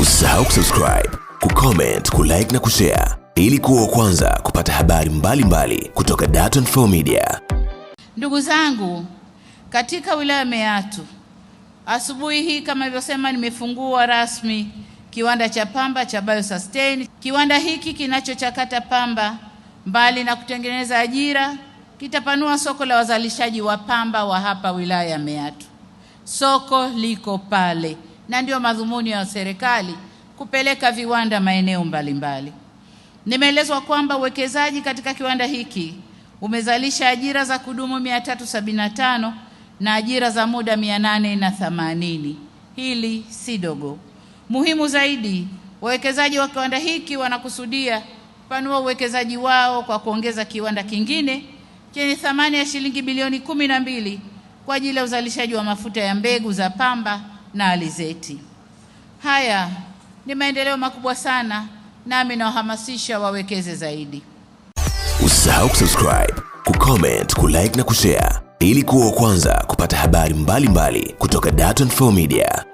Usisahau kusubscribe, kucomment, kulike na kushare ili kuwa kwanza kupata habari mbalimbali mbali kutoka Dar24 Media. Ndugu zangu, katika wilaya Meatu asubuhi hii kama nilivyosema, nimefungua rasmi kiwanda cha pamba cha Biosustain. Kiwanda hiki kinachochakata pamba, mbali na kutengeneza ajira, kitapanua soko la wazalishaji wa pamba wa hapa wilaya ya Meatu. Soko liko pale na ndio madhumuni ya serikali kupeleka viwanda maeneo mbalimbali. Nimeelezwa kwamba uwekezaji katika kiwanda hiki umezalisha ajira za kudumu 375 na ajira za muda 880. Hili si dogo. Muhimu zaidi, wawekezaji wa kiwanda hiki wanakusudia kupanua uwekezaji wao kwa kuongeza kiwanda kingine chenye thamani ya shilingi bilioni 12 kwa ajili ya uzalishaji wa mafuta ya mbegu za pamba na alizeti. Haya ni maendeleo makubwa sana, nami nawahamasisha wawekeze zaidi. Usisahau kusubscribe, kucomment, kulike na kushare ili kuwa wa kwanza kupata habari mbalimbali mbali kutoka Dar24 Media.